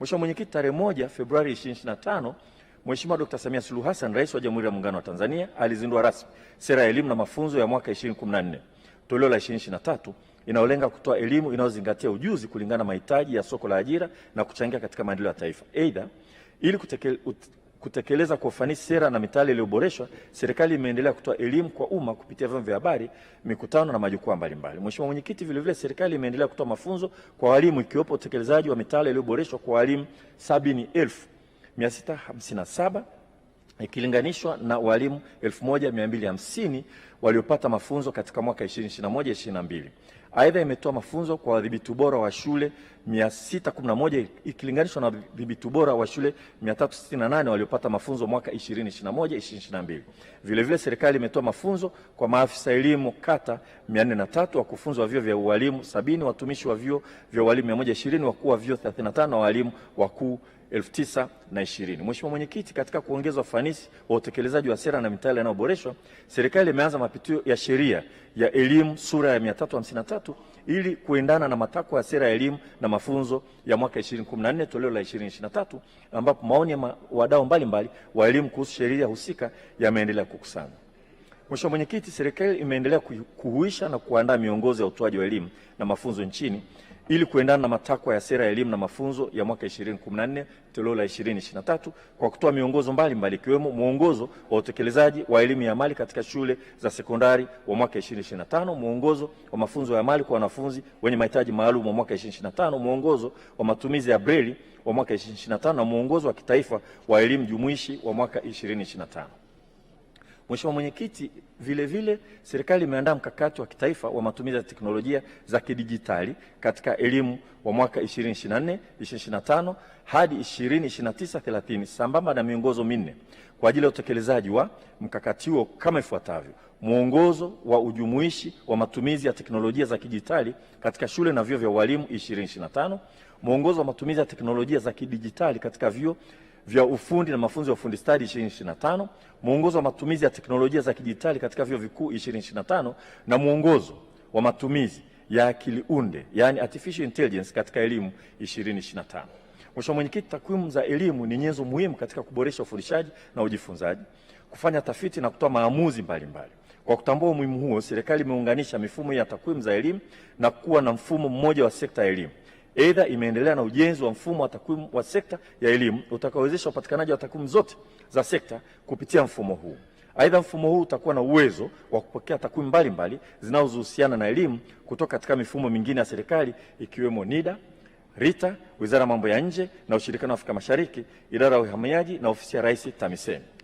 Mheshimiwa Mwenyekiti, tarehe moja Februari 2025 Mheshimiwa Dr. Samia Suluhu Hassan, Rais wa Jamhuri ya Muungano wa Tanzania, alizindua rasmi sera ya elimu na mafunzo ya mwaka 2014 toleo la 2023 inayolenga kutoa elimu inayozingatia ujuzi kulingana na mahitaji ya soko la ajira na kuchangia katika maendeleo ya taifa. Aidha, ili kutekeleza kwa ufanisi sera na mitaala iliyoboreshwa, serikali imeendelea kutoa elimu kwa umma kupitia vyombo vya habari, mikutano na majukwaa mbalimbali. Mheshimiwa Mwenyekiti, vilevile serikali imeendelea kutoa mafunzo kwa walimu ikiwepo utekelezaji wa mitaala iliyoboreshwa kwa walimu 70,657 ikilinganishwa na walimu 1250 waliopata mafunzo katika mwaka 2021 2022 Aidha, imetoa mafunzo kwa wadhibiti ubora wa shule 611 ikilinganishwa na wadhibiti ubora wa shule 368 waliopata mafunzo mwaka 2021 2022. Vilevile, serikali imetoa mafunzo kwa maafisa elimu kata 403, wakufunzi wa vyuo vya ualimu 70, watumishi wa vyuo vya ualimu 120, wakuu wa vyuo 35 na walimu wakuu 2020. Mheshimiwa Mwenyekiti, katika kuongeza ufanisi wa utekelezaji wa sera na mitaala inayoboreshwa, serikali imeanza mapitio ya sheria ya elimu sura ya 353 ili kuendana na matakwa ya sera ya elimu na mafunzo ya mwaka 2014 toleo la 2023, ambapo maoni ya ma, wadau mbalimbali wa elimu kuhusu sheria husika yameendelea kukusanywa. Mheshimiwa Mwenyekiti, serikali imeendelea kuhuisha na kuandaa miongozo ya utoaji wa elimu na mafunzo nchini ili kuendana na matakwa ya sera ya elimu na mafunzo ya mwaka 2014 toleo la 2023 kwa kutoa miongozo mbalimbali ikiwemo mwongozo wa utekelezaji wa elimu ya amali katika shule za sekondari wa mwaka 2025, mwongozo wa mafunzo ya amali kwa wanafunzi wenye mahitaji maalum wa mwaka 2025, mwongozo wa matumizi ya breli wa mwaka 2025 na mwongozo wa kitaifa wa elimu jumuishi wa mwaka 2025. Mheshimiwa Mwenyekiti, vilevile serikali imeandaa mkakati wa kitaifa wa matumizi ya teknolojia za kidijitali katika elimu wa mwaka 2024 2025 hadi 2029 30 sambamba na miongozo minne kwa ajili ya utekelezaji wa mkakati huo kama ifuatavyo: mwongozo wa ujumuishi wa matumizi ya teknolojia za kidijitali katika shule na vyuo vya walimu 2025, mwongozo wa matumizi ya teknolojia za kidijitali katika vyuo vya ufundi na mafunzo ya ufundi stadi 2025, mwongozo wa matumizi ya teknolojia za kidijitali katika vyuo vikuu 2025 na mwongozo wa matumizi ya akili unde yani artificial intelligence katika elimu 2025. Mheshimiwa Mwenyekiti, takwimu za elimu ni nyenzo muhimu katika kuboresha ufundishaji na ujifunzaji, kufanya tafiti na kutoa maamuzi mbalimbali Kwa kutambua umuhimu huo, serikali imeunganisha mifumo ya takwimu za elimu na kuwa na mfumo mmoja wa sekta ya elimu. Aidha, imeendelea na ujenzi wa mfumo wa takwimu wa sekta ya elimu utakaowezesha upatikanaji wa takwimu zote za sekta kupitia mfumo huu. Aidha, mfumo huu utakuwa na uwezo wa kupokea takwimu mbalimbali zinazohusiana na elimu kutoka katika mifumo mingine ya serikali ikiwemo NIDA, RITA, Wizara ya Mambo ya Nje na Ushirikiano wa Afrika Mashariki, Idara ya Uhamiaji na Ofisi ya Rais TAMISEMI.